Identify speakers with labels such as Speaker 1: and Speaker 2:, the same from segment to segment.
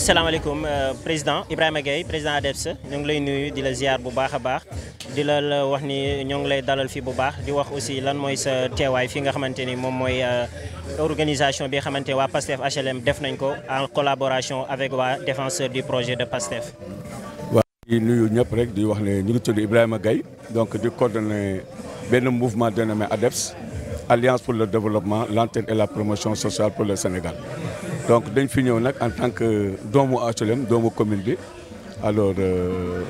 Speaker 1: asalaamaaleykum euh, président Ibrahima Gueye président ADEPS ñu ngi lay nuyu di la ziar bu baax a baax di la wax ni ñoo ngi lay dalal fii bu baax di wax aussi lan mooy sa teewaay fi nga xamante ni moom mooy euh, organisation bi nga xamante waa PASTEF HLM def nañ ko en collaboration avec waa défenseur du projet de PASTEF.
Speaker 2: waaw di nuyu ñëpp rek di wax ne ñu ngi tudd Ibrahima Gueye donc di coordonné benn mouvement dénommé ADEPS Alliance pour le développement l'entente et la promotion sociale pour le Sénégal. donc dañ fi ñëw nag en tant que doomu HLM doomu commune bi alors euh,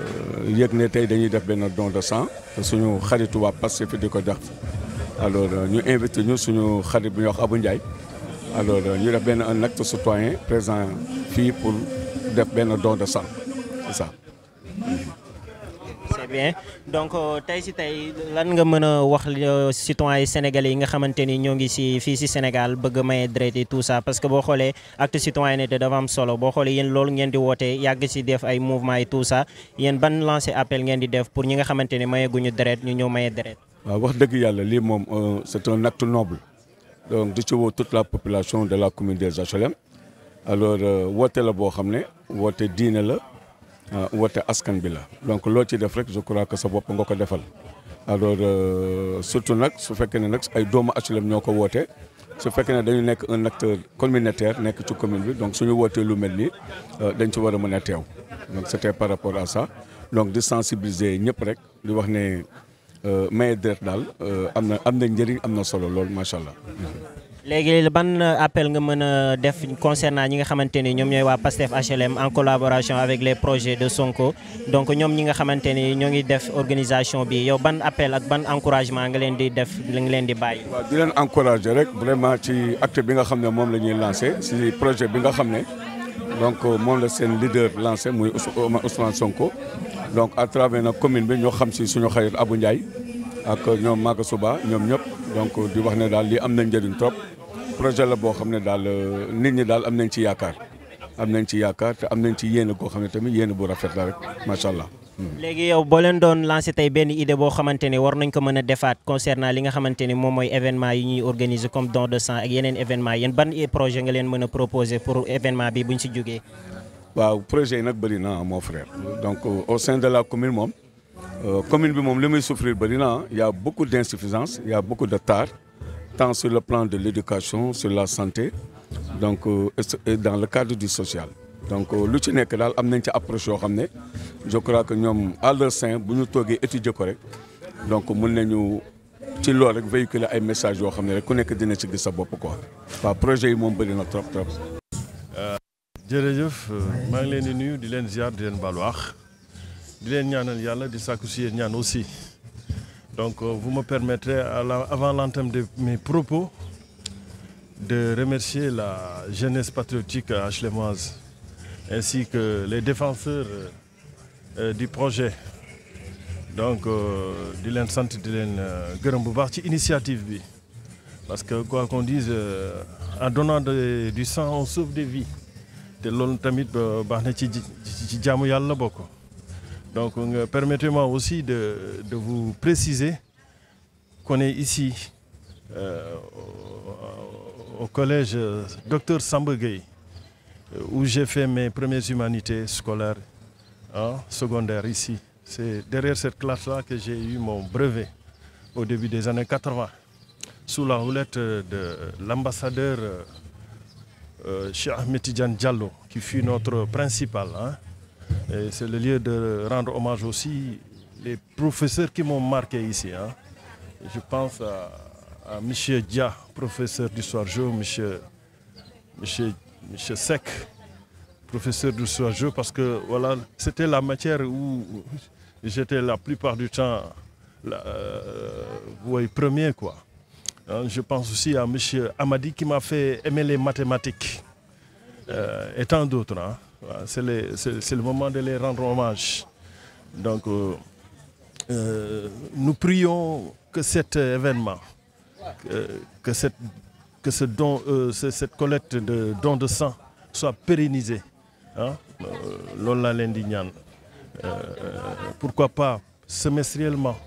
Speaker 2: yëg ne tey dañuy def benn don de sang suñu xaritu waa Pastef di ko def alors euh, ñu invité ñu suñu xarit bu ñuy wax abu Ndiaye alors euh, ñu def benn un acte citoyen présent fii pour def benn don de sang c'est ça.
Speaker 1: bien donc euh, tey si tey lan nga mën a wax euh, citoyens sénégalais yi nga xamante ni ñoo ngi si fii si Sénégal bëgg a maye deret yi tout parce que boo xoolee acte citoyenneté dafa am solo boo xoolee yéen loolu ngeen di woote yàgg si def ay mouvement yi tout ça yéen ban lancé appel ngeen di def pour ñi nga xamante ni mayeguñu deret ñu ñëw maye deret.
Speaker 2: waaw wax dëgg yàlla lii moom euh, c'est un acte noble donc di ci woo toute la population de la commune des HLM Euh, woote askan bi la donc loo ci def rek je crois que sa bopp nga ko defal alors euh, surtout nag su fekkee ne nag ay doomu HLM ñoo ko wootee su fekkee ne dañu nekk un acteur communautaire nekk ci commune bi donc suñu wootee lu mel nii euh, dañ ci war a mën a teew donc c'était par rapport à ça donc di sensibiliser ñëpp rek di wax ne maye direct daal am na am na njëriñ am na solo lool macha allah.
Speaker 1: léegi ban appel nga mën a def concernant ñi nga xamante ni ñoom ñooy waa PASTEF HLM en collaboration avec les projets de Sonko donc ñoom ñi nga xamante ni ñoo ngi def organisation bi yow ban appel ak ban encouragement nga leen di def nga leen di bàyyi.
Speaker 2: waaw di leen encourager rek vraiment ci acte bi nga xam ne moom la ñuy lancé si projet bi nga xam ne donc moom la seen leader lancé muy Ousmane Sonko donc a travers nag commune bi ñoo xam si suñu xarit Abou ak ñoom Maka Suba ñoom ñëpp donc di wax ne daal lii am nañ njëriñ trop projet la boo xam ne daal euh, nit ñi daal am nañ ci yaakaar am nañ ci yaakaar te am nañ ci yéene goo xam ne tamit yéene bu rafet la rek macha allah. Hmm.
Speaker 1: léegi yow boo leen doon lancé tey benn idée boo xamante ne war nañ ko mën a defaat concernant li nga xamante ne moom mooy événement yi ñuy organiser comme don de sang ak yeneen événement yéen ban projet nga leen mën a proposé pour événement bi bu ñu si jógee.
Speaker 2: waaw projet nag bëri na mon frère donc euh, au de la commune moom. Euh, commune bi moom li muy souffrir bëri na il y a beaucoup d'insuffisance il a beaucoup de tard tant sur le plan de l'éducation sur la santé donc euh, et dans le cadre du sociale donc euh, lu ci nekk daal am nañ ci approche yoo xam ne je crois que ñoom à leur sein bu ñu toogee étudier ko rek donc mun na ñu ci lool rek véhiculer ay messages yoo xam ne rek ku nekk dina ci gis sa bopp quoi waaw projet yi moom bëri na trop trop.
Speaker 3: jërëjëf maa ngi leen di nuyu di leen ziar di leen baalu di leen ñaanal yàlla di sàkku si yéen ñaan aussi donc euh, vous me permettrez avant l'entame de mes propos de remercier la jeunesse patriotique HLMoise ainsi que les défenseurs euh, du projet donc euh, di leen sant di leen gërëm bu baax ci initiative bi parce que quoi qu'on dise en donnant de, du sang on sauve des vies te loolu tamit baax na ci ci jaamu yàlla bokk Donc, euh, permettez-moi aussi de, de, vous préciser qu'on est ici euh, au, collège euh, Docteur Sambegueï, euh, où j'ai fait mes premières humanités scolaires hein, secondaires ici. C'est derrière cette classe-là que j'ai eu mon brevet au début des années 80, sous la houlette de l'ambassadeur euh, Cheikh Diallo, qui fut notre principal. Hein, c'est le lieu de rendre hommage aussi les professeurs qui m'ont marqué ici. Hein. Je pense à, monsieur M. Dia, professeur du géo, monsieur, monsieur, monsieur Sec, professeur d'histoire géo, parce que voilà, c'était la matière où j'étais la plupart du temps la, euh, premier. Quoi. Je pense aussi à monsieur Amadi qui m'a fait aimer les mathématiques euh, et tant d'autres. waaw c'est les c'est le moment de les rendre hommage donc euh, euh nous prions que cet événement euh, que, que cette que don euh, cette collecte de dons de sang soit pérennisée ah euh, loolu laa leen di ñaan pourquoi pas semestriellement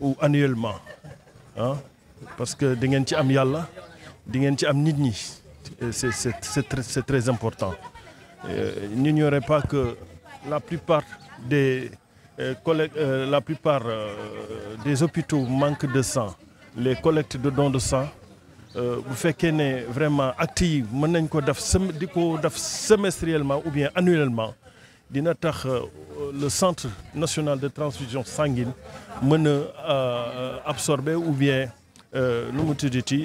Speaker 3: ou annuellement ah parce que di ngeen ci am yàlla di ngeen ci am nit ñi c'est c'est c'est très important Euh, n'ignorez pas que la plupart des euh, collègues, euh, la plupart euh, des hôpitaux manque de sans les collectes de dons de sang euh, bu fekkee ne vraiment acte yi mën nañ ko def sem ko def semestriellement ou bien annuellement dina tax euh, le centre national de transfusion sanguine mën a absorber ou bien nu mu tuddati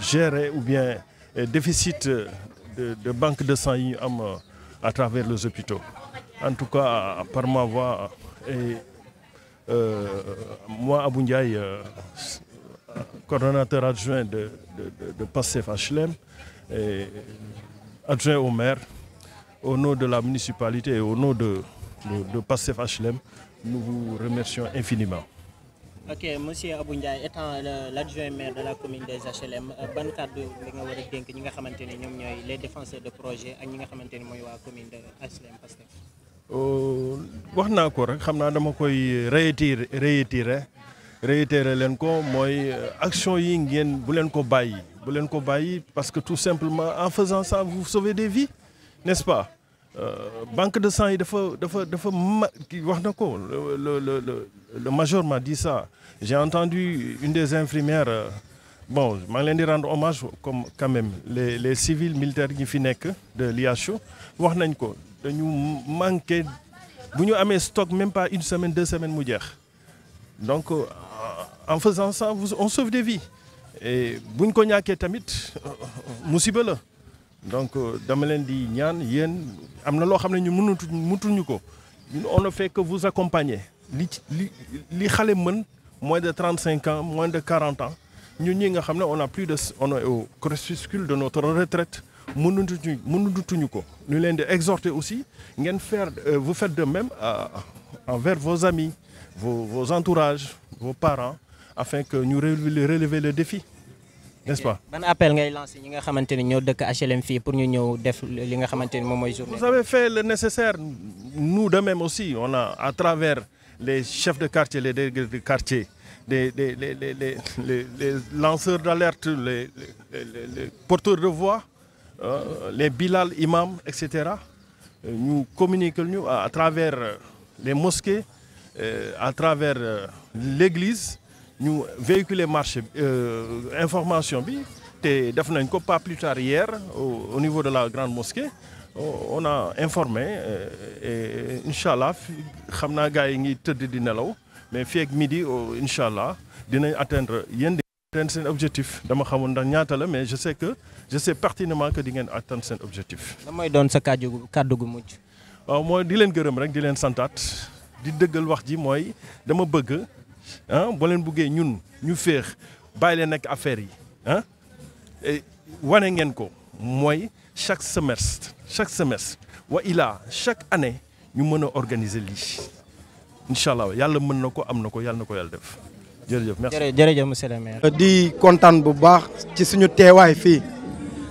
Speaker 3: gérer ou bien déficit de, banque de sang yi am euh, à travers les hôpitaux en tout cas par ma voix et euh, moi Abou euh, coordonnateur adjoint de de de Pastef HLM adjoint au maire au nom de la municipalité et au nom de de, de nous vous remercions infiniment
Speaker 1: ok monsieur Abou Ndiaye étant euh, l'adjoint maire de la commune des HLM euh, ban kàddu li war a dénk ñi nga xamante ne ñoom ñooy les défenseurs de projet ak ñi nga xamante ne mooy waa commune de
Speaker 4: HLM
Speaker 3: que euh, wax naa ko rek xam naa dama koy réitérer réitérer réitérer leen ko mooy action yi ngeen bu leen ko bàyyi bu leen ko bàyyi parce que tout simplement en faisant ça vous sauvez des vies n'est-ce pas Euh, banque de sang yi dafa dafa dafa ma wax na ko le le le le major m'a dit ça j'ai entendu une des infirmières euh, bon maa ngi leen di rendre hommage comme quand même les les civils militaires yi fi nekk de l'IHO wax nañ ko dañu manqué bu ñu amee stock même pas une semaine deux semaines mu jeex donc euh, en faisant ça on sauve des vies et bu ñu ko ñàkkee tamit musiba la donc dama leen di ñaan yéen. am na loo xam ne ñu mënatu mutuñu ko on ne fait que vous accompagner li ci li li xale mën moins de trente cinq ans moins de quarante ans ñu ñi nga xam ne on na plus de on est au crépuscule de notre retraite mënatuñu mënatuñu ko ñu leen di exhorter aussi ngeen faire euh, vous faites de même euh, envers vos amis vos vos entourages vos parents afin que ñu relever le défi n'est-ce pas
Speaker 1: ban appel ngay lancé ñi nga xamante ni ñoo dëkk
Speaker 3: HLM fii pour ñu ñëw def li nga xamante ni moom mooy journée. vous avez fait le nécessaire nous de même aussi on a à travers les chefs de quartier les délégués de quartier les les les les les, les, les lanceurs d'alerte les, porteurs de voix euh, les bilal imam et cetera communique euh, communiquer ñu à travers euh, les mosquées euh, à travers l'église ñu véhiculer marché euh, information bi te def nañ ko pas plus tard hier au niveau de la grande mosquée euh, on a informé euh, et allah xam naa gars yi ngi tëdd di nelaw mais fii ak midi oh, incha allah dinañ atteindre yéen di atteindre seen objectif dama xamul ndax ñaata la mais je sais que je sais pertinemment que di ngeen atteindre seen objectif. lan mooy doon sa kàddu kàddu gu mujj. waaw mooy di leen gërëm rek di leen santaat di dëggal wax ji mooy dama bëgg. ah leen buggee ñun ñu féex bàyyi leen ak affaire yi ah eh, wane ngeen ko mooy chaque semestre chaque semestre wa ilaa chaque année ñu mën a organiser lii incha allah yàlla mën na ko am na ko yàlla na ko yàlla def jërëjëf merci jërëjëf monsieur le maire.
Speaker 5: di kontaan bu baax ci suñu teewaay fii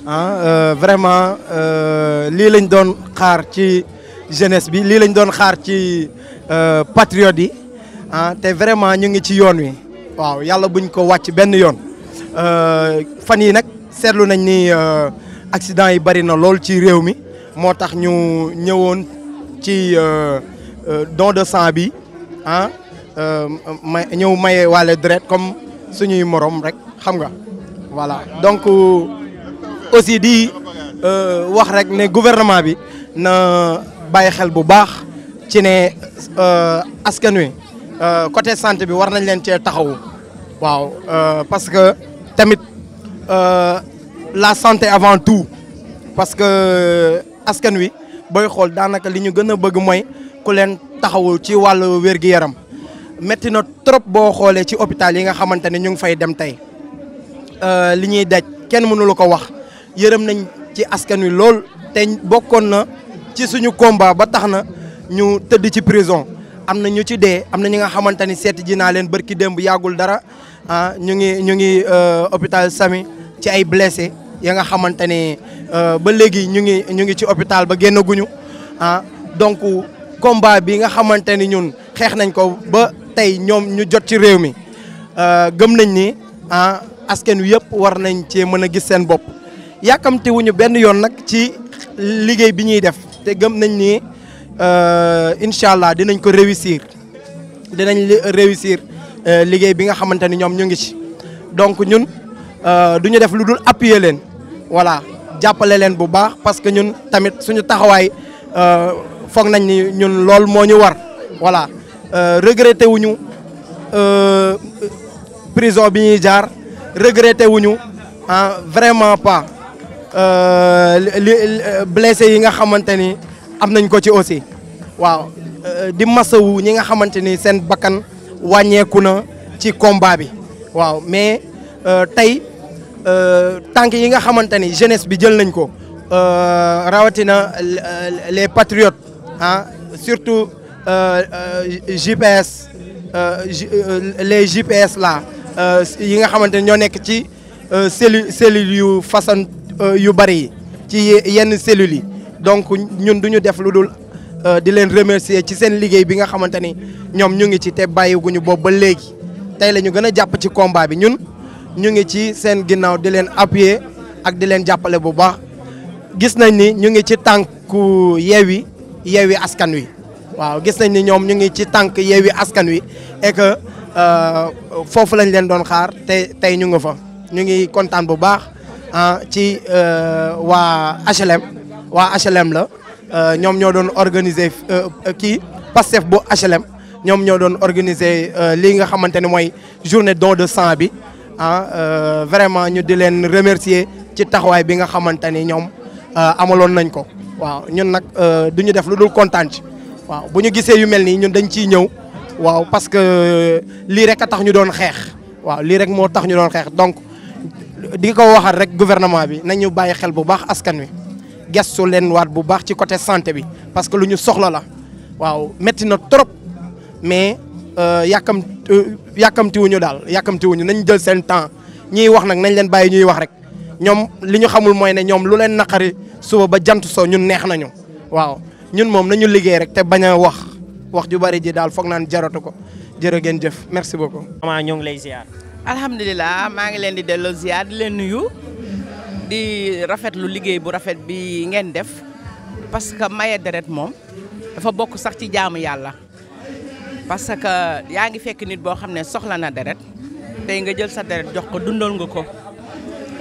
Speaker 5: ah euh, vraiment euh, lii lañ doon xaar ci jeunesse bi lii lañ doon xaar ci euh, patriotes yi. ah te vraiment ñu ngi ci yoon wi waaw yàlla buñ ko wàcc benn yoon euh, fan yi nag seetlu nañ ni euh, accident yi bari na lool ci réew mi moo tax ñu ñëwoon ci euh, don de sang bi ah may ñëw maye waale deret comme suñuy morom rek xam nga voilà donc aussi di wax rek ne gouvernement bi na bàyyi xel bu baax ci ne askan wi Euh, côté santé bi war nañ leen cee taxawu waaw euh, parce que tamit euh, la santé avant tout parce que askan wi booy xool daanaka li ñu gën a bëgg mooy ku leen taxawu ci wàllu wér-gi-yaram métti na trop boo xoolee ci hôpital yi nga xamante ne ñu ngi fay dem tey li ñuy daj kenn mënulu ko wax yërëm nañ ci askan wi lool te bokkoon na ci suñu combat ba tax na ñu tëdd ci prison am na ñu ci dee am na ñi nga xamante ni seet ji naa leen bërki démb yàggul dara ah ñu ngi ñu ngi euh, hôpital Sami ci ay blessé ya nga xamante ni euh, ba léegi ñu ngi ñu ngi ci hôpital ba génnaguñu ah donc combat bi nga xamante ni ñun xeex nañ ko ba tey ñoom ñu jot ci réew mi euh, gëm nañ ni ah askan wi yëpp war nañ cee mën a gis seen bopp yàkkamti wuñu benn yoon nag ci liggéey bi ñuy def te gëm nañ ni. Euh, incha allah dinañ ko réussir dinañ réussir euh, liggéey bi nga xamante ni ñoom ñu ngi ci donc ñun euh, du ñu def lu dul appuyer leen voilà jàppale leen bu baax parce que ñun tamit suñu taxawaay foog nañ ni ñun lool moo ñu war voilà regretté wuñu prison bi ñuy jaar regretté wuñu ah vraiment pas li blessé yi nga xamante ni. am nañ ko ci aussi waaw euh, di masawu ñi nga xamante ni seen bakkan wàññeeku na ci combat bi waaw mais euh, tey euh, tànk yi nga xamante ni jeunesse bi jël nañ ko rawatina les patriotes ah surtout GPS les GPS là yi nga xamante ni ñoo nekk ci cellule cellule yu façon yu bari yi ci yenn cellules yi donc ñun du ñu def lu dul euh, di leen remercier ci seen liggéey bi nga xamante ni ñoom ñu ngi ci te bàyyiguñu boobu ba léegi tey la ñu gën a jàpp ci combat bi ñun ñu ngi ci seen ginnaaw di leen appuyer ak di leen jàppale bu baax gis nañ ni ñu ngi ci tànku Yewwi Yewwi Askan Wi waaw gis nañ ni ñoom ñu ngi ci tànk Yewwi Askan Wi et que euh, foofu lañ leen doon xaar te tey ñu nga fa ñu ngi kontaan bu baax ah ci euh, waa HLM. waa HLM la euh, ñoom ñoo doon organiser euh, kii Pastef bu HLM ñoom ñoo doon organiser euh, lii nga xamante ne mooy journée don de sang bi ah vraiment ñu di leen remercier ci taxawaay bi nga xamante ni ñoom amaloon nañ ko waaw ñun nag du ñu def lu dul kontaan waaw bu ñu gisee yu mel nii ñun dañ ciy ñëw waaw parce que lii rek a tax ñu doon xeex waaw lii rek moo tax ñu doon xeex donc di ko waxal rek gouvernement bi nañu bàyyi xel bu baax askan wi gestu leen waat bu baax ci côté santé bi parce que lu ñu soxla la waaw métti na trop mais euh, yàkkam euh, yàkkamtiwuñu daal yàkkamtiwuñu nañ jël seen temps ñuy wax nag nañ leen bàyyi ñuy wax rek ñoom li ñu xamul mooy ne ñoom lu leen naqari suba ba jant soo ñun neex nañu waaw ñun moom nañu liggéey rek te bañ a wax wax ju bari ji daal foog naan jaratu ko jërë ngeen jëf
Speaker 1: merci beaucoup.
Speaker 6: maman ñoo ngi lay ziar. alhamdulilah maa ngi leen di delloo ziar leen nuyu. di rafetlu liggéey bu rafet bi ngeen def parce que maye deret moom dafa bokk sax ci jaamu yàlla parce que yaa ngi fekk nit boo xam ne soxla na deret tey nga jël sa deret jox ko dundal nga ko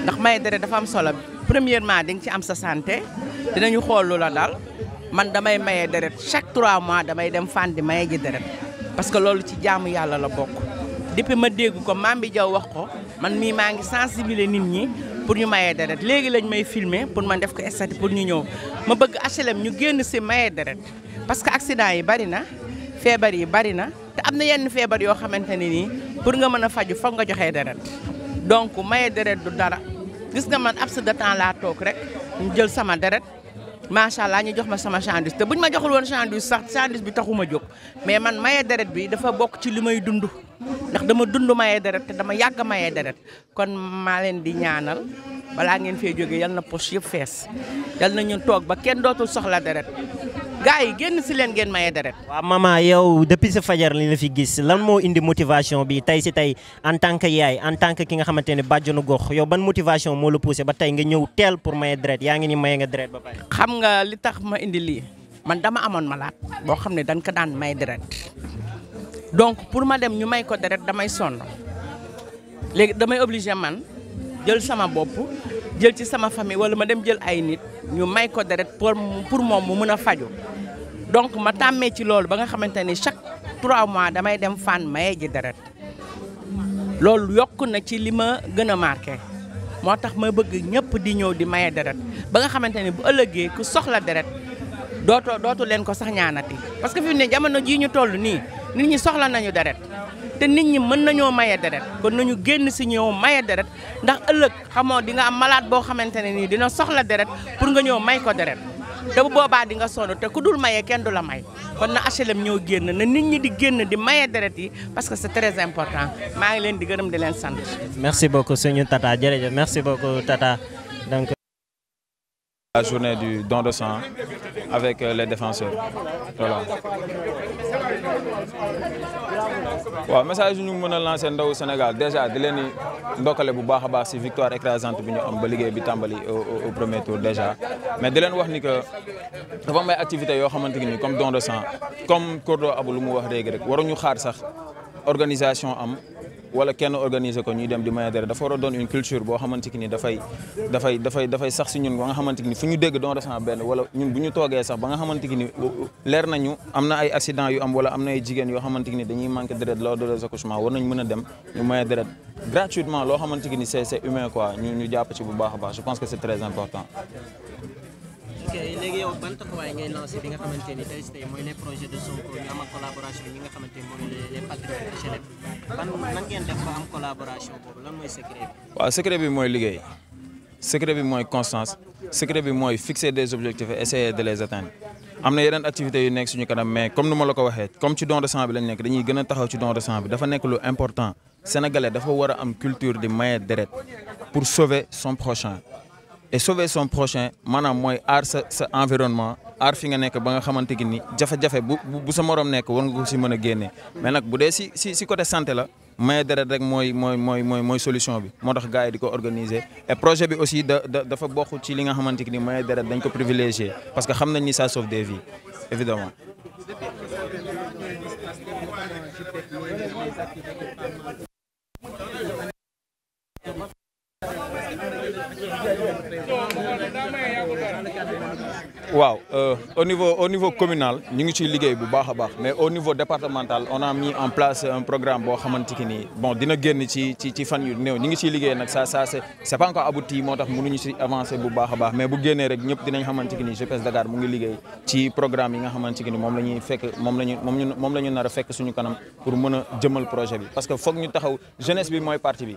Speaker 6: ndax maye deret dafa am solo premièrement di nga ci am sa santé dinañu xool lu la daal man damay maye deret chaque trois mois damay dem fan di maye ji deret parce que loolu ci jaamu yàlla la bokk depuis ma dégg ko maam bi jaw wax ko man mii maa ngi sensibiliser nit ñi pour ñu mayee deret léegi lañ may filmer pour man def ko statut pour ñu ñëw ma bëgg HLM ñu génn si maye deret parce que accident yi bari na feebar yi bari na te am na yenn feebar yoo xamante ne nii pour nga mën a faj foog nga joxee deret donc maye deret du dara gis nga man abs de temps laa toog rek ñu jël sama deret macha allah ñu jox ma sama sandwich te buñ ma joxul woon sandwich sax sandwich bi taxuma jóg mais man maye deret bi dafa bokk ci li may dund. ndax dama dund mayee deret te dama yàgg mayee deret kon maa leen di ñaanal balaa ngeen fee jógee yal na poche yëpp fees yal na ñu toog ba kenn dootul soxla deret gars yi génn si leen ngeen mayee deret waaw
Speaker 1: maman yow depuis sa fajar li la fi gis lan moo indi motivation bi tey si tey en tant que yaay en tant que ki nga xamante ne bàjjonu gox yow ban motivation moo la poussé ba tey nga ñëw teel pour mayee deret yaa ngi ni maye nga deret ba pare.
Speaker 6: xam nga li tax ma indi lii man dama amoon malaat boo xam ne dañ ko daan may deret donc pour ma dem ñu may ko deret damay sonn léegi damay obligé man jël sama bopp jël ci sama famille wala ma dem jël ay nit ñu may ko deret pour pour moom mu mën a faju donc ma tàmmee ci loolu ba nga xamante ni chaque trois mois damay dem fan maye ji deret loolu yokk na ci li ma gën a marqué moo tax ma bëgg ñëpp di ñëw di mayee deret ba nga xamante ni bu ëllëgee ku soxla deret dootoo dootu leen ko sax ñaanati parce que ne jamono jii ñu toll nii nit ñi soxla nañu deret te nit ñi mën nañoo maye deret kon nañu génn si ñëw maye deret ndax ëllëg xamoo di nga am malade boo xamante ne nii dina soxla deret pour nga ñëw may ko deret te bu boobaa di nga sonn te ku dul maye kenn du la may kon na HLM ñoo génn na nit ñi di génn di maye deret yi parce que c'est très important maa ngi leen di gërëm di leen sant.
Speaker 1: merci beaucoup suñu tata jërëjëf merci beaucoup tata donc.
Speaker 7: La journée du don de sang avec euh, les défenseurs voilà. waaw message yu ñu mën a lancer ndaw Sénégal déjà di leen ndokale ndokkale bu baax a baax ci victoire écrasante bi ñu am ba liggéey bi tàmbali au premier tour déjà mais di leen wax ni que dafa am ay activités yoo xamante ni comme don de sang comme Kordo Abou lu mu wax léegi rek xaar sax organisation am. wala kenn organiser ko ñuy dem di manière dafa war a doon une culture boo xamante ni dafay dafay dafay dafay sax si ñun ba nga xamante ni fu ñu dégg doon ressent benn wala ñun bu ñu toogee sax ba nga xamante ni leer nañu am na ay accident yu am wala am na ay jigéen yoo xamante ni dañuy manqué deret lors de leurs accouchements war nañ mën a dem ñu maye deret gratuitement loo xamante ni c'est humain quoi ñu jàpp ci bu baax a baax je pense que c'est très important
Speaker 1: ok bi nga xamante ni tey am collaboration ñi nga xamante ni mooy les patriotes HLM mooy
Speaker 7: secret bi. mooy liggéey secret bi mooy constance secret bi mooy fixer des objectifs et essayer de les atteindre. am na yeneen activités yu nekk suñu kanam mais comme ni ma la ko waxee comme ci don de sang bi lañ nekk dañuy gën a taxaw ci don de sang bi dafa nekk lu important sénégalais dafa war am culture di maye deret pour sauver son prochain. et sauver son prochain maanaam mooy aar sa sa environnement aar fi nga nekk ba nga xamante gi ni jafe-jafe bu bu sa morom nekk war nga ko si mën a génnee mais nag bu dee si si si côté santé la maye deret rek mooy mooy mooy mooy mooy solution bi moo tax gars yi di ko organiser et projet bi aussi da dafa bokk ci li nga xamante ni maye deret dañ ko privilégié parce que xam nañ ni ça sauve des vies évidemment waaw euh, au niveau au niveau communal ñu ngi ci liggéey bu baax a baax mais au niveau départemental on a mis en place un programme boo xamante ki nii bon dina génn ci ci ci fan yu néew ñu ngi ci liggéey nag ça ça c'est c'est pas encore abouti moo tax mënuñu ci avancer bu baax a baax mais bu génnee rek ñëpp dinañ xamante ki nii GPS mu ngi liggéey ci programme yi nga xamante ki ni moom la ñuy fekk moom la ñu moom moom la ñu nar a fekk suñu kanam pour mën a jëmal projet bi parce que foog ñu taxaw jeunesse bi mooy parti bi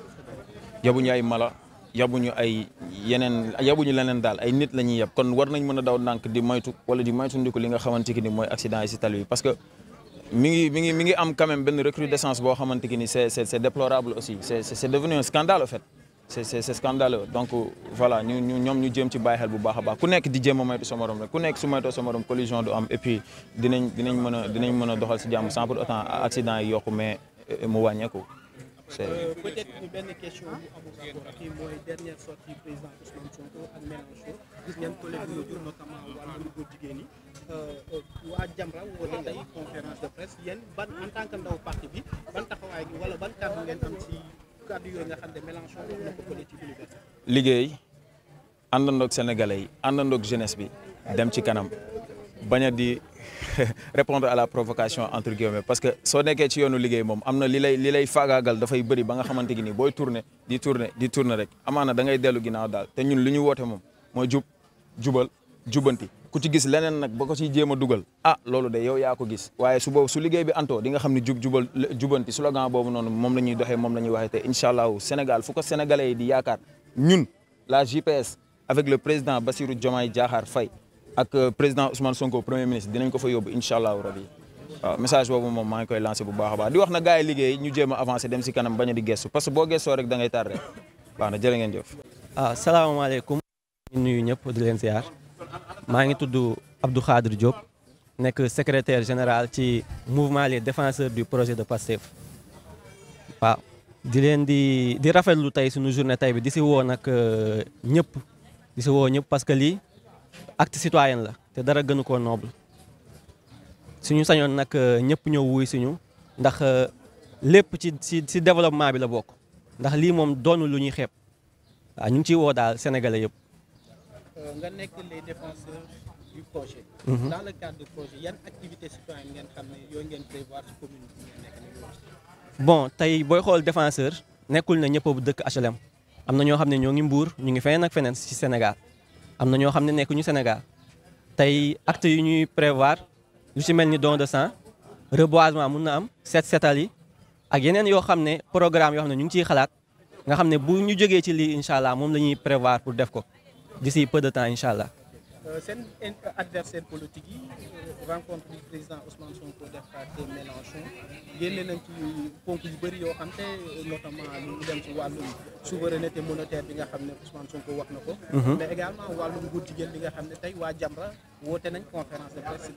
Speaker 7: yabuñu ay mala yabuñu ay yeneen yabuñu leneen daal ay nit la ñuy yab kon war nañ mën a daw nank di moytu wala di moytu ndiku li nga xamante ni mooy accident yi si tali parce que mi ngi mi ngi mi ngi am quand même benn recrudescence boo xamante ni c'est c'est c'est déplorable aussi c'est c'est devenu un scandale en fait c'est c'est donc voilà ñu ñoom ñu jëm si baaxel xel bu baax a baax ku nekk di jéem a moytu sa ku nekk su moytoo sa morom collision du am et puis dinañ mën a dinañ mën a doxal si jàmm sans pour autant accident yi yokku mais Euh,
Speaker 8: peut-être benn question bu amul rapport kii mooy dernière sortie président Ousmane Sonko ak Mélenchon gis ngeen collègue ñu jur notamment wàllu góor jigéen yi euh, euh, waa Jamra woote tey conférence de presse yéen ban en tant que ndaw parti bi ban taxawaay gi wala ban kàddu ngeen am ci kàddu yooyu nga xam ne Mélenchon wax na ko fële ci université
Speaker 7: liggéey àndandoog sénégalais yi àndandoog jeunesse bi dem ci kanam bañ a di répondre à la provocation entre guillemets parce que soo nekkee ci yoonu liggéey moom am na li lay li lay faagaagal dafay bëri ba nga xamante ni booy tourner di tourner di tourner rek amaana dangay ngay dellu ginnaaw daal te ñun li ñu woote moom mooy jub jubal jubanti ku ci gis leneen nag boo ko ciy jéem a dugal ah loolu de yow yaa ko gis waaye su boobu su liggéey bi antoo di nga xam ne jub jubal jubanti slogan boobu noonu moom la ñuy doxee moom la ñuy waxee te incha allahu Sénégal fu ko sénégalais di yaakaar ñun la JPS avec le président Bassirou Diomaye Diakhar Faye ak euh, président Ousmane Sonko premier ministre dinañ ko fa yóbbu incha allahu rabi waaw message boobu moom maa ngi koy lancé bu baax a baax di wax na gars liggéey ñu jéem a avancé dem si kanam bañ a di gestu parce que boo gestoo rek da ngay tardé baax na jërë ngeen jëf.
Speaker 9: waaw ah, salaamaaleykum. ñu nuyu ñëpp di leen ziar maa ngi tudd Abdou Khadir Diop nekk secretaire général ci mouvement les défenseur du projet de PASTEF waaw di leen di di rafet rafetlu tey suñu journée tey bi di si woo nag euh, ñëpp di si woo parce que lii. acte citoyen la te dara gënu koo noble suñu sañoon nag euh, ñëpp ñëw wuy suñu ndax euh, lépp ci ci ci développement bi la bokk ndax lii moom doonu lu ñuy xeeb waaw ñu ngi ciy woo daal sénégalais yëpp. Euh, nga nekk mhm. bon tey booy xool défenseur nekkul na bu dëkk HLM am na ñoo xam ne ñoo ngi mbuur ñu ngi feneen ak feneen ci Sénégal. am na ñoo xam ne nekkuñu Sénégal tey acte yu ñuy prévoir lu ci mel ni don de sang reboisement mun na am seet setal yi ak yeneen yoo xam ne programme yoo xam ne ñu ngi ciy xalaat nga xam ne bu ñu jógee ci lii incha allah moom la ñuy prévoir pour def ko d'ici peu de temps incha allah.
Speaker 8: Euh, seen adversaire yi rencontre bi président Ousmane Sonko def ponk yu bëri yoo xam te notamment lu dem ci wàllum souveraineté monétaire bi xam ne Ousmane Sonko wax na ko. Mhm. mais également wàllum góor jigéen nga xam ne tey waa Jamra woote nañ conférence de presse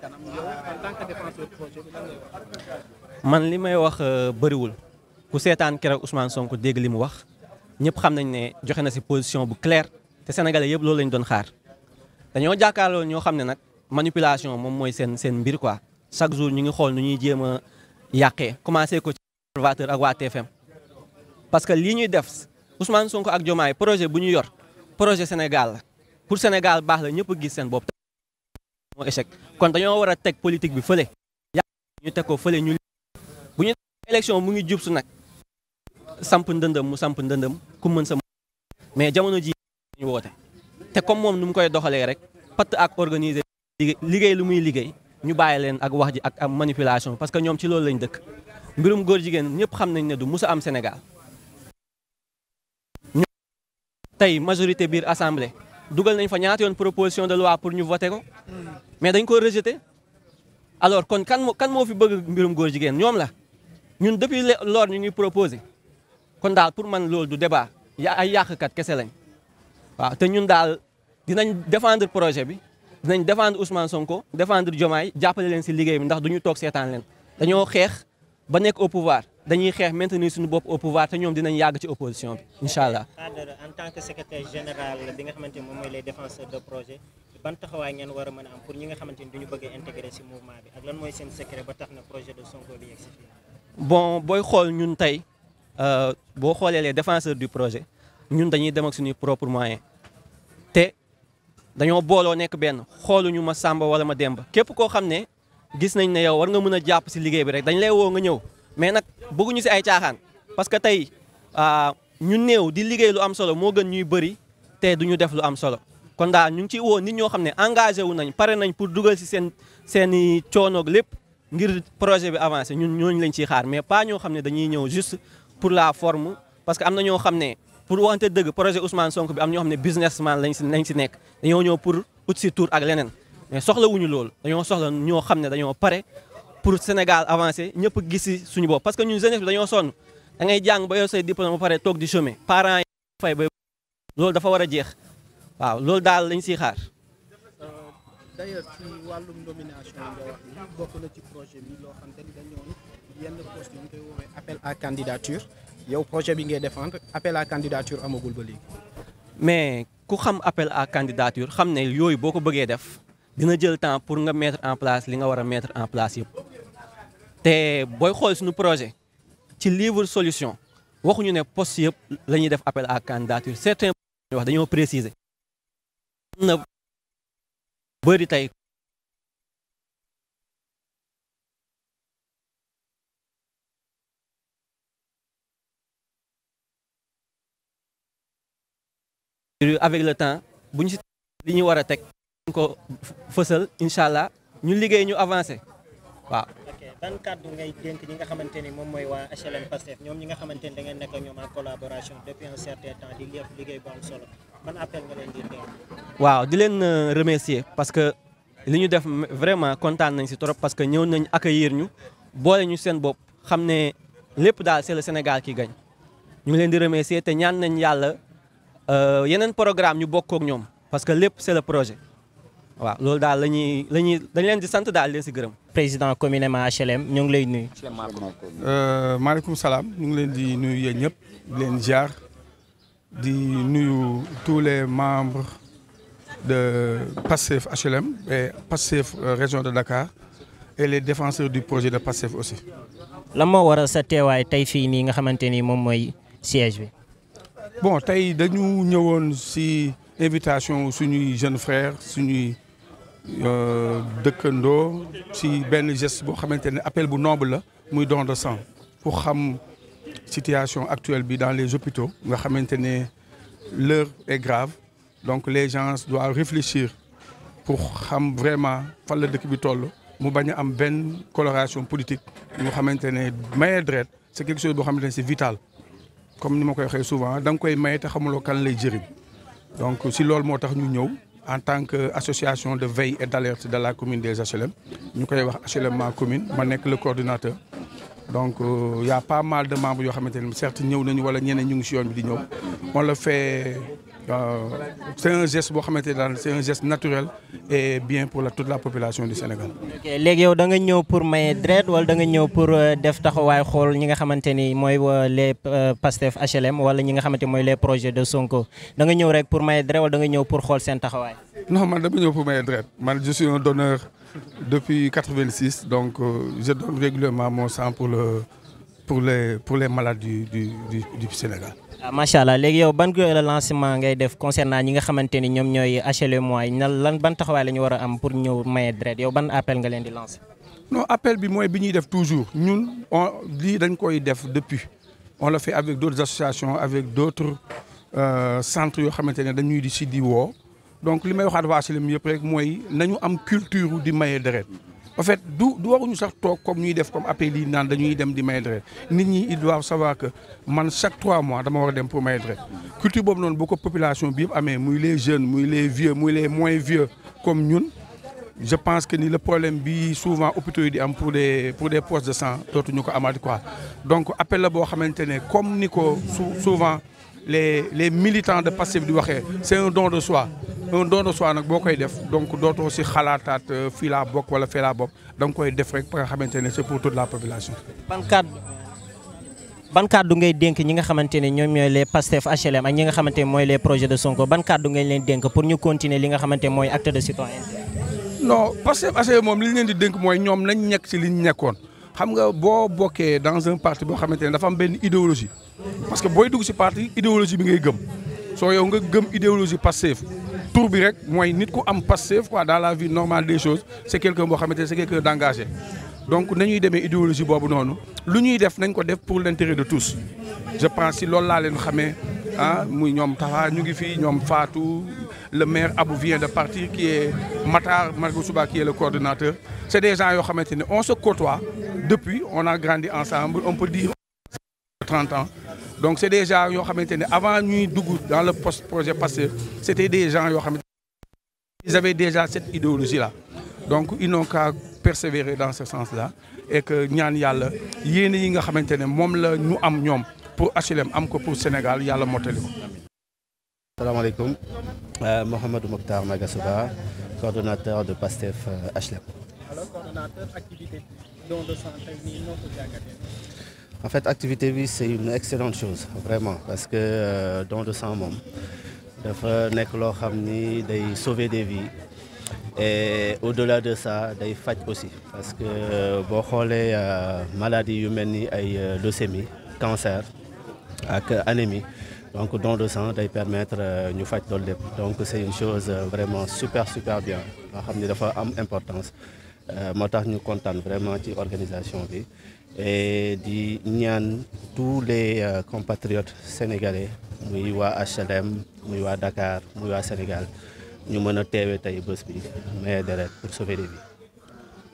Speaker 9: man li may wax euh, bëriwul ku seetaan keroog Ousmane Sonko dégg li mu wax ñëpp xam nañ ne joxe na si position bu claire te sénégalais yëpp loolu lañ doon xaar dañoo jàkkaarloo ñoo xam ne nag. manipulation moom mooy seen seen mbir quoi chaque jour ñu ngi xool nu ñuy jéema yàqee commencé ko ci observateur ak waa parce que lii ñuy def Ousmane Sonko ak Diomaye projet bu ñu yor projet Sénégal la pour Sénégal baax la ñëpp gis seen bopp moo échec kon dañoo war a teg politique bi fële yàq ñu teg ko fële ñu bu ñu élection mu ngi jub su nag samp ndëndëm mu samp ndëndëm ku mën sa mais jamono ji ñu woote te comme moom nu mu koy doxalee rek patt ak organiser liggéey lu muy liggéey ñu bàyyi leen ak wax ji ak am manipulation parce que ñoom ci loolu lañ dëkk mbirum góor jigéen ñëpp xam nañ ne du musa am Sénégal tey majorité biir assemblée dugal nañ fa ñaata yoon proposition de loi pour ñu voter ko mais dañ koy rejeté alors kon kan moo kan moo fi bëgg mbirum góor jigéen ñoom la ñun depuis lors ñu ngi proposé kon daal pour man loolu du débat ya ay yàqkat kese lañ waaw te ñun daal dinañ défendre projet bi dinañ défendre Ousmane Sonko défendre Diomaye jàppale leen si liggéey bi ndax du ñu toog seetaan leen dañoo xeex ba nekk au pouvoir dañuy xeex maintenir suñu bopp au pouvoir te ñoom dinañ yàgg ci opposition bi incha allah.
Speaker 1: en tant que secrétaire général bi xamante ni moom mooy les défenseurs de projet ban taxawaay ngeen war a mën a pour ñi nga xamante ñu bëgg a intégrer si mouvement bi ak lan mooy seen secret ba tax na projet de Sonko bi yegg si fii.
Speaker 9: bon booy xool ñun tey euh, boo xoolee les défenseurs du projet ñun dañuy dem ak suñuy propres moyens te. dañoo booloo nekk benn xooluñu ma sàmba wala ma demba képp koo xam ne gis nañ ne yow war nga mën a jàpp si liggéey bi rek dañ lay woo nga ñëw mais nag bëgguñu si ay caaxaan parce que tey ah, ñun néew di liggéey lu am solo moo gën ñuy bëri te du ñu def lu am solo kon daal ñu ngi ciy woo nit ñoo xam ne engagé wu nañ pare nañ pour dugal si seen seen i coonoog lépp ngir projet bi avancé ñun ñooñu lañ ciy xaar mais pas ñoo xam ne dañuy ñëw juste pour la forme parce que am na ñoo xam ne pour wante dëgg projet Ousmane Sonko bi am ñoo xam ne businessman lañ si lañ si nekk dañoo ñëw pour ut si tour ak leneen mais soxla wuñu loolu dañoo soxla ñoo xam ne dañoo pare pour Sénégal avancer ñëpp gis si suñu bopp parce que ñu jeunesse bi dañoo sonn da jàng ba yow say diplôme ba pare toog di chômer parents yi fay ba loolu dafa war a jeex waaw loolu daal lañ siy xaar
Speaker 8: d'ailleurs ci wàllum nomination yi projet bi loo xam te ni dañoo yow projet bi ngay défendre appel à candidature amagul ba léegi.
Speaker 9: mais ku xam appel à candidature xam ne yooyu boo ko bëggee def dina jël temps pour nga mettre en place li nga war a mettre en place yëpp te booy xool suñu projet ci livre solution waxuñu ne post yëpp la ñuy def appel à candidature certains wax dañoo préciser. am na avec le temps bu si li ñu war a teg ko fësal incha allah ñu liggéey ñu avancé waaw.
Speaker 1: ok ban kàddu ngay dénk ñi nga xamante ni moom mooy waa HLM Pastef ñoom ñi nga xamante ni da ngeen nekk ñoom en collaboration depuis un certain temps di def liggéey bu am solo ban appel nga leen di dénk.
Speaker 9: waaw di leen euh, remercier parce que li ñu def vraiment kontaan nañ si trop parce que ñëw nañ accueillir ñu boole ñu seen bopp xam ne lépp daal c'est le Sénégal ki gañ ñu leen di remercier te ñaan Euh, yeneen programme ñu bokkook ñoom parce que lépp c'est le projet waaw loolu daal la ñuy la ñuy dañ leen di sant daal leen si gërëm. président communément HLM ñu lay nuyu. Euh, maaleykum salaam ñu ngi leen di nuyu yéen ñëpp
Speaker 10: leen ziar di nuyu tous les membres de PASTEF HLM et PASTEF euh, région de Dakar e les défenseurs du
Speaker 1: projet de PASTEF aussi. la moo waral sa teewaay tey fii nii nga xamante ni moom mooy siège bi.
Speaker 10: bon tey dañu ñëwoon si invitation suñuy jeune frère suñuy euh, dëkkandoo ci benn geste boo xamante ne appel bu noble la muy don de sang pour xam situation actuelle bi dans les hôpitaux nga xamante ne l'heure est grave donc les gens doivent réfléchir pour xam vraiment fan la dëkk bi toll mu bañ am benn coloration politique ñu xamante ne maye deret c'est quelque chose boo xamante ne c'est vital comme ni ma koy waxee souvent da nga koy maye te xamuloo kan lay jëriñ donc si loolu moo tax ñu ñëw en tant que association de veille et d' alerte de la commune des HLM ñu koy wax HLM ma commune ma nekk le coordonnateur donc euh, y' a pas mal de membres yoo xamante ne certes ñëw nañu wala ñeneen ñu ngi si yoon bi di ñëw on le fait waaw euh, c' est un geste boo xamante ne daal c' est un geste naturel et bien pour la la population du Sénégal.
Speaker 1: léegi yow da nga ñëw pour maye deret wala da nga ñëw pour euh, def taxawaay xool ñi nga xamante ni mooy euh, les Pastef HLM wala ñi nga xamante mooy les projets de Sonko danga nga ñëw rek pour maye deret wala da nga ñëw pour xool seen taxawaay.
Speaker 10: non man dama ñëw pour maye deret man je suis un donneur depuis 86 donc je donne régulièrement mon sang pour le pour les pour les malades Sénégal.
Speaker 1: Ah, macha allah léegi yow ban lancement ngay def concernant ñi nga xamante ni ñoom ñooy HLM mooy lan ban taxawaay la ñu war a am pour ñëw maye deret yow ban appel nga leen di lancer.
Speaker 10: non appel bi mooy bi ñuy def toujours ñun on lii dañ koy def depuis on le fait avec d' autres associations avec d' euh, centres yoo xamante ne dañuy di si di woo donc li may waxaat waa HLM yëpp rek mooy nañu am culture di maye deret en fait du du waruñu sax toog comme ñuy def comme appel yi naan dañuy dem di may deret nit ñi ils doivent savoir que man chaque trois mois dama war a dem pour may culture boobu noonu bu ko population bi yëpp amee muy les jeunes muy les vieux muy les moins vieux comme ñun je pense que ni le problème bi souvent hôpitaux yi di am pour des pour des postes de sang dootuñu ko amaat quoi donc appel la boo xamante ne comme ni ko souvent les les militants de Pastef di waxee c'est don de soi un don de soi nag boo koy def donc dootoo si xalaataat euh, fii laa bokk wala fii laa bokk koy def rek ba nga xamante ne
Speaker 1: c'est pour toute la population. ban kàddu ban kàddu ngay dénk ñi nga xamante ne ñoom ñooy les Pastef HLM ak ñi nga xamante ne mooy les projet de Sonko ban kàddu ngay leen dénk pour ñu continuer li nga xamante ne mooy acte de citoyen.
Speaker 10: non Pastef HLM moom li ñu leen di dénk mooy ñoom nañ nekk si li ñu nekkoon xam nga boo bokkee dans parti boo xamante ne dafa am benn idéologie. parce que booy dugg ci parti idéologie bi ngay gëm soo yow nga gëm idéologie Pastef pour bi rek mooy nit ku am Pastef quoi dans la vie normale des choses c'est quelqu'un boo xamante ne c'est quelqu'un d'engagé donc nañuy demee idéologie boobu noonu lu ñuy def nañ ko def pour l'intérêt de tous je pense si loolu laa leen xamee ah muy ñoom Tafa ñu ngi fii ñoom faatu le maire Abou vient de partir qui est Matar Margo Souba qui est le coordonnateur c'est des gens yoo xamante ne on se côtoie depuis on a grandi ensemble on peut dire 30 ans. Donc c'est des gens, avant nous dans le projet passé, c'était des gens, ils avaient déjà cette idéologie-là. Donc ils n'ont qu'à persévérer dans ce sens-là. Et que Nyan Yal, Yéni nous am pour HLM, am pour le Sénégal, Yal Moteli.
Speaker 11: Salam alaikum, euh, Mohamed Mokhtar Magasoba, coordonnateur de PASTEF euh, HLM.
Speaker 8: Alors, coordonnateur, activité, don de santé,
Speaker 11: en fait activité bi c'est une excellente chose vraiment parce que euh, don de sang moom dafa nekk loo xam ni day sauver des vies e au-delà de ça day faj aussi parce que euh, boo xoolee euh, maladie yu mel ni ay euh, leucémie cancer ak anémie donc don de sang day permettre ñu faj loolu lépp donc c'est une chose vraiment super super bien loo xam ni dafa am importance moo tax ñu kontaan vraiment ci organisation bi et di ñaan tous les euh, compatriotes sénégalais muy waa HLM muy waa Dakar muy waa Sénégal ñu mën a teewee tey bés bi maye deret pour sauver des vies.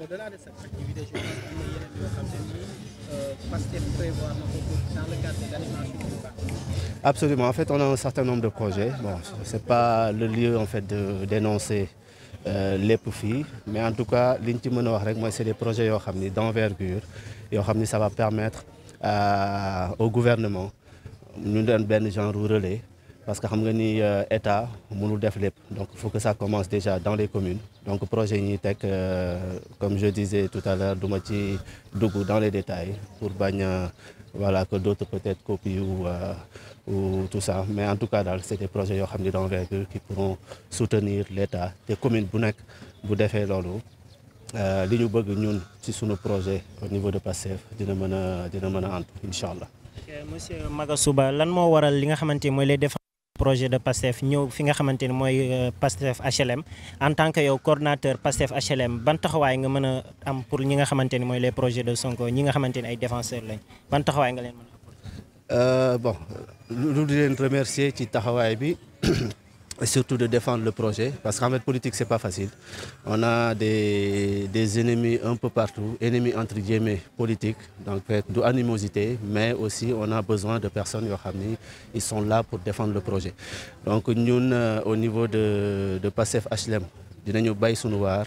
Speaker 8: au-delà de cette activité je euh, le cadre de l'animation du débat.
Speaker 11: Absolument en fait on a un certain nombre de projets c'est pas le lieu en fait de dénoncer. Euh, lépp mais en tout cas li liñ ci mën a wax rek mooy c'est des projets yoo xam ni d'envergure yoo xam ni ça va permettre euh, au gouvernement ñu den benn genre relais parce que xam nga ni euh, état mënul def lépp donc il faut que ça commence déjà dans les communes donc projet yi ñuy teg euh, comme je disais tout à l'heure du ma ci dugg dans les détails pour bañ voilà que d'autres peut-être copient ou ou tout ça mais en tout cas daal c'est des projets yoo xam ni d'envergure qui pourront soutenir l'État te commune bu nekk bu defee loolu Euh, li ñu bëgg ñun ci sunu projet au niveau de Pastef dina mën a dina mën a antu incha allah.
Speaker 1: monsieur Magasuba lan moo waral li nga xamante ni mooy les défenses projet de Pastef ñëw fi nga xamante ni mooy euh, Pastef HLM en tant que yow coordonnateur Pastef HLM ban taxawaay nga mën a am pour ñi nga xamante ni mooy les projets de Sonko ñi nga xamante ni ay défenseurs lañ ban taxawaay nga leen mën
Speaker 11: a apporter. Euh, lu di leen remercier ci taxawaay bi. surtout de défendre le projet parce qu'en fait politique c'est pas facile on a des des ennemis un peu partout ennemis entre guillemets politique donc du animosité mais aussi on a besoin de personnes yoo xam ni ils sont là pour défendre le projet donc ñun euh, au niveau de de Pastef HLM dinañu bàyyi sunu waar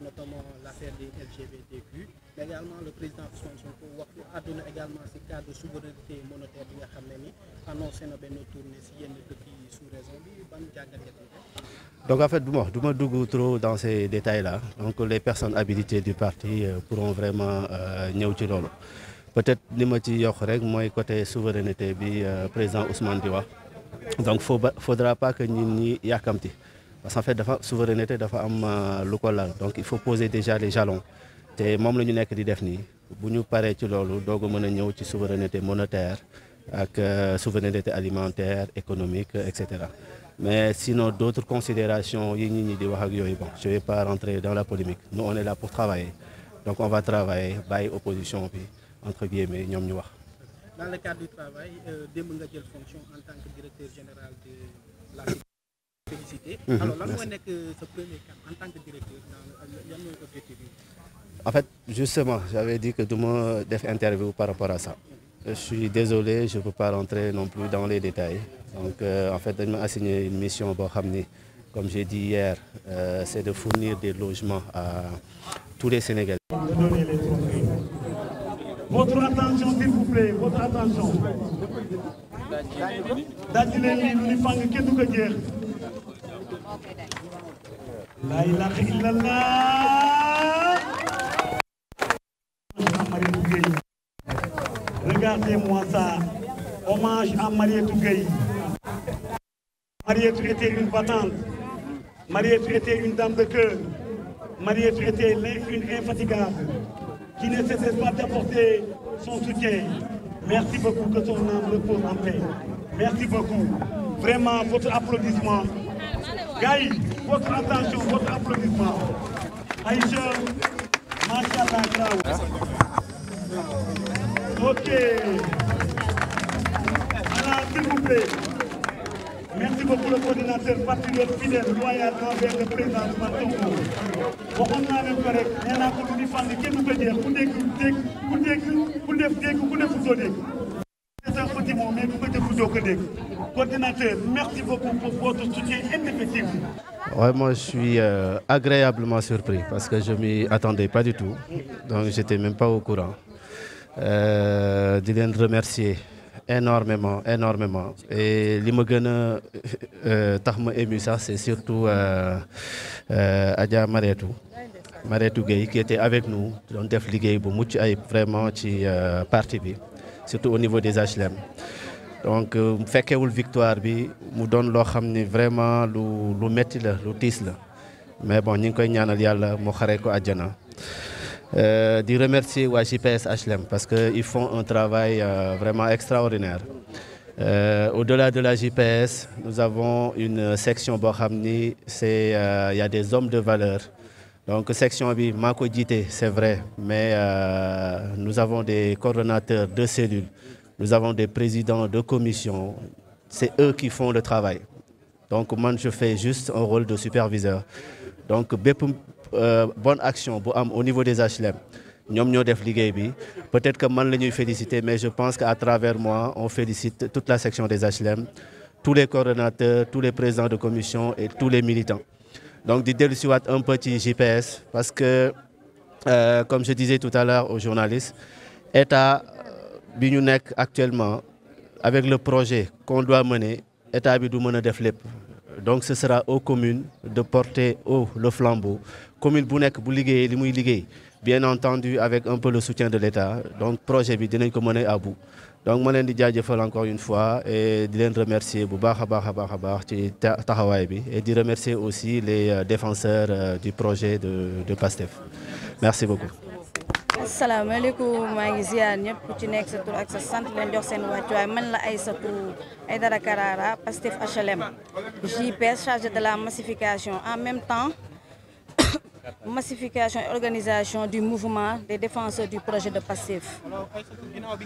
Speaker 8: notamment l'affaire des LGBTQ mais également le président Ousmane Sonko wax ñu àdduna également si cadre de souveraineté monétaire bi xam ne ni annoncé na benn tournée si yenn dëkk yi sous bi ban
Speaker 11: jàngat du ma dugg trop dans ces détails là donc les personnes habilitées du pour euh, pourront vraiment euh, ñëw ci loolu peut-être li ma ci yokk rek mooy côté souveraineté bi euh, président Ousmane di wax donc faudra pas que ñun ñi yàkkamti parce qu'en dafa souveraineté dafa am euh, lu ko laal donc il faut poser déjà les jalons te moom la ñu nekk di def nii bu ñu paree ci loolu doog a mën a ñëw ci souveraineté monétaire ak euh, souveraineté alimentaire économique et cetera mais sinon d' autres considérations yi nit ñi di wax ak yooyu bon je vais pas rentrer dans la polémique nous on est là pour travailler donc on va travailler bàyyi opposition bi entre guillemets ñoom ñu wax.
Speaker 8: féliciter. alors lan moo nekk sa premier cap
Speaker 11: bi. justement j'avais dit que du ma par rapport à ça. je suis désolé je peux pas rentrer non plus dans les détails donc en fait dañ ma une mission boo xam ni comme j'ai dit hier c'est de fournir des logements à tous les Sénégalais.
Speaker 12: votre attention
Speaker 4: s'il vous plaît votre attention. daa ji leen lii lu ni fàng kenn du ko jeex. la ilaha illallah Mariétou Gueye regardez-moi ça hommage à Mariétou Gueye Mariétou était une battante Mariétou était une dame de cœur Mariétou était une infatigable qui ne pas d'apporter son soutien merci beaucoup que son âme repose en paix merci beaucoup vraiment votre applaudissement gars yi votre attention votre applaudissement Aïcha macha allah ok alors s'il vous plaît merci beaucoup le coordinateur patriote fidèle loyal envers le président Ousmane Sonko waxoon naa leen ko rek nee naa ko lu ñu fànn kenn du ko jeex ku dégg dégg ku dégg ku def dégg ku def soo dégg. c'est un petit mot mais bu ko def soo ko dégg. Coordinateur, merci beaucoup pour votre soutien indéfectible.
Speaker 11: Ouais, moi, je suis euh, agréablement surpris parce que je ne m'y attendais pas du tout. Donc, je même pas au courant. Euh, di remercier énormément énormément et li ma gën a euh, tax ma ému sax c'est surtout euh, euh, Adja Mareetu Mareetu qui était avec nous doon def liggéey bu mucc ay vraiment ci euh, parti bi surtout au niveau des HLM donc mu euh, fekkeewul victoire bi mu doon loo xam ni vraiment lu lu métti la lu tiis la mais bon ñu ngi koy ñaanal yàlla mu xaree ko àjjana. Euh, di remercier waa JPS HLM parce que il font un travail euh, vraiment extraordinaire au-delà de la JPS nous avons section boo xam ni c'est il y des hommes de valeur. donc section bi maa ko jiite c'est vrai mais euh, nous des coordonnateurs de cellules nous avons des présidents de commission c'est eux qui font le travail donc man je fais juste un rôle de superviseur donc bépp euh, bonne action bu am au niveau des HLM ñoom ñoo def liggéey bi peut-être que man la ñuy féliciter mais je pense qu'à travers moi on félicite toute la section des HLM tous les coordonnateurs tous les présidents de commission et tous les militants donc di dellu siwaat un petit JPS parce que euh, comme je disais tout à l'heure aux journalistes bi ñu nekk actuellement avec le projet qu'on doit mener état bi du mën a def lépp donc ce sera aux communes de porter haut le flambeau commune bu nekk bu liggéeyee li muy liggéey bien entendu avec un peu le soutien de l'État donc projet bi dinañ ko mener a bout donc ma leen di jaajëfal encore une fois et di leen remercier bu baax a baax a baax a baax ci taxawaay bi et di remercier aussi les euh, défenseurs euh, du projet de de merci beaucoup.
Speaker 12: asalaamaaleykum maa ngi ziar ñëpp ku ci nekk sa ak sa sant leen jox seen wàccuwaay man la ay sa tur ay dara Karara Pastef HLM JPS chargé de la massification en même temps massification organisation du mouvement des défenseurs du projet de Pastef.
Speaker 8: alors ay sa tur ginnaaw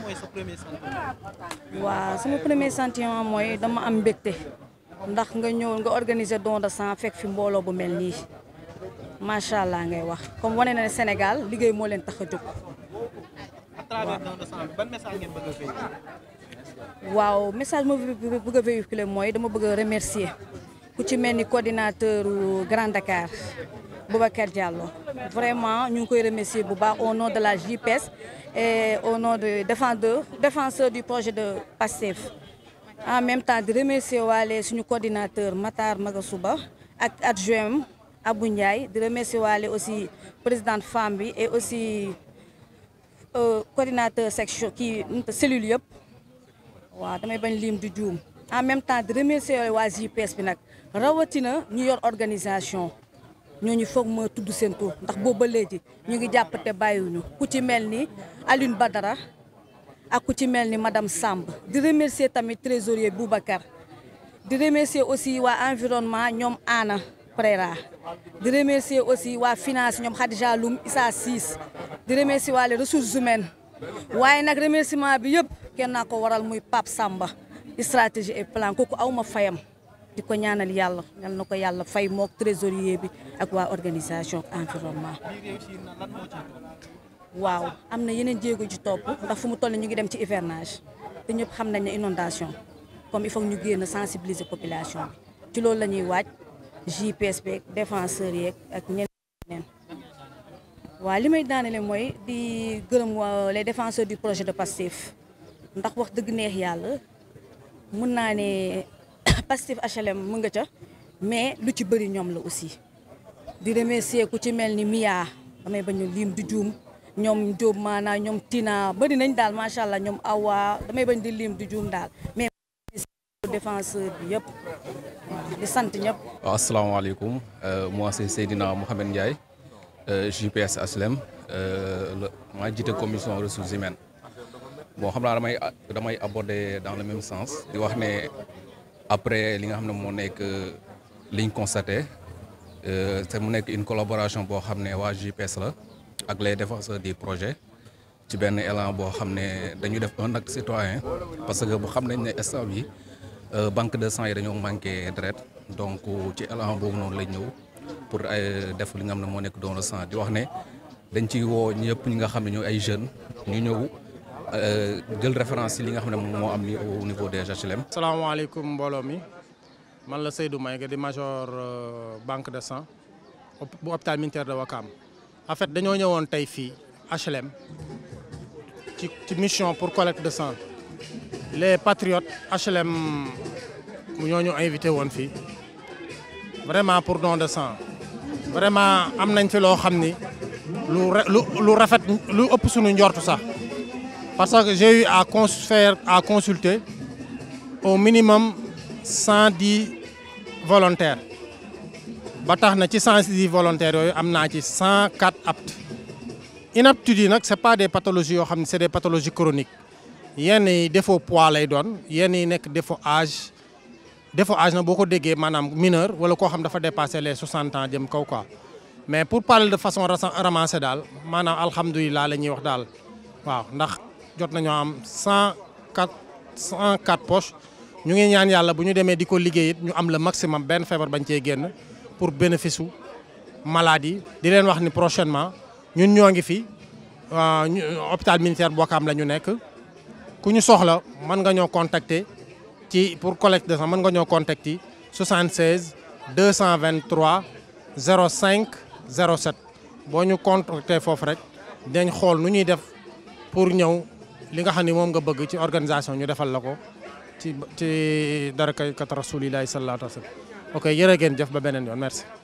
Speaker 8: mooy
Speaker 12: premier sentiment. mooy dama am mbégte ndax nga ñëw nga organiser don de sang fekk fi mbooloo bu mel nii. macha allah ngay wax comme wane na ne Sénégal liggéey moo leen tax a jóg.
Speaker 11: à travers
Speaker 8: message ngeen bëgg
Speaker 12: a véhiculer. waaw mooy dama bëgg a remercier ku ci mel ni coordinateur Grand Dakar Boubacar Diallo vraiment ñu ngi koy remercier bu baax au nom de la JPS e au nom de défendeur défenseur du projet de PASTEF. en même temps di remercier waale suñu coordinateur Matar Magasuba ak adjoint Abou Ndiaye di remercier waale aussi présidente femme bi et aussi euh, coordinateur section kii cellule yëpp waa damay bañ lim du juum en même temps di remercier waa JPS bi nag rawatina ñu yor organisation ñooñu foog ma tudd seen tur ndax boobu ba léegi ñu ngi jàpp te bàyyiwuñu ku ci mel ni Alioune Badara ak ku ci mel ni madame Samb di remercier tamit trésorier Boubacar di remercier aussi waa environnement ñoom aana Préra di remercier aussi waa finance ñoom Khadija Loum Issa siis di remercier waa les ressources humaines waaye nag remerciement bi yëpp kenn naa ko waral muy Pape Samba stratégie et plan ko aw ma fayam di ko ñaanal yàlla ñal na ko yàlla fay mook trésorier bi ak waa organisation environnement waaw am na yeneen jéego ci topp ndax fu mu toll ñu ngi dem ci hivernage te ñëpp xam nañ ne inondation comme il faut ñu génn sensibiliser population bi ci loolu la JPS beeg défenseur yeeg ak ñeneen waaw li may daanele mooy di gërëm le défenseur du projet de Pastef ndax wax dëgg neex yàlla mun naa ne Pastef HLM mun nga ca mais lu ci bëri ñoom la aussi di remercier ku ci mel ni Mia damay bañ a lim di juum ñoom Diop maanaam ñoom Tina bëri nañ daal macha allah ñoom Awa damay bañ di lim di juum daal mais défenseur bi yëpp di sant ñëpp.
Speaker 8: waaw asalaamaaleykum euh, moi c'est Seydina Mohamed Ndiaye euh, JPS HLM euh, maa jiite commission ressources humaines bon xam naa damay damay aborder dans le même sens di wax ne après li nga xam ne moo nekk liñ constaté te mu nekk une collaboration boo xam ne waa gps la ak les défenseurs du projet. ci benn élan boo xam ne dañu def un ak citoyen parce que bu xam nañ ne instant bi Euh, banque de sang yi dañoo manqué deret donc ci élan boobu noonu lañ ñëw pour euh, def li nga xam ne moo nekk don de sang di wax ne dañ ci woo ñëpp ñi nga xam ne ñooy ay jeunes ñu ñëw euh, jël référence li nga xam ne moo am ni au niveau des HLM. salaamaaleykum mbooloo mi
Speaker 13: man la Seydou Maïga di major banque de sang bu hôpital militaire de Wakam en fait dañoo ñëwoon tey fii HLM ci ci mission pour collecte de sang. les patriotes HLM ñoo ñu invité woon fii vraiment pour don de sang vraiment am nañ fi loo xam ni lu lu rafet lu ëpp sunu njort sax parce que j'ai eu à faire à consulter au minimum cent dix volontaires ba tax na ci cent dix volontaires am naa ci cent quatre aptes inaptitude yi nag c'est pas des pathologies yoo xam ne c'est des pathologies chroniques yenn yi défaut poids lay doon yenn yi nekk défaut age défaut âge na boo ko déggee maanaam mineur wala koo xam dafa dépassé les 60 ans jëm kaw quoi mais pour parler de façon ramassée daal maanaam alhamdulilah lañuy wax daal waaw ndax jot nañoo am 104 104 poches ñu ngi ñaan yàlla bu ñu demee di ko liggéey ñu am le maximum benn feebar bañ cee génn pour bénéfice u di leen wax ni prochainement ñun ñoo ngi fi hôpital militaire Bokaam la ñu nekk. ku ñu soxla mën nga ñoo contacter ci pour collecte de sang mën nga ñoo contacter 76 223 05 07 boo ñu contacter foofu rek dinañ xool nu ñuy def pour ñëw li nga xam ne moom nga bëgg ci organisation ñu defal la ko ci ci dara kay kat rasulillahi
Speaker 4: sallallahu alayhi wa sallam ok jërë ngeen jëf ba beneen yoon merci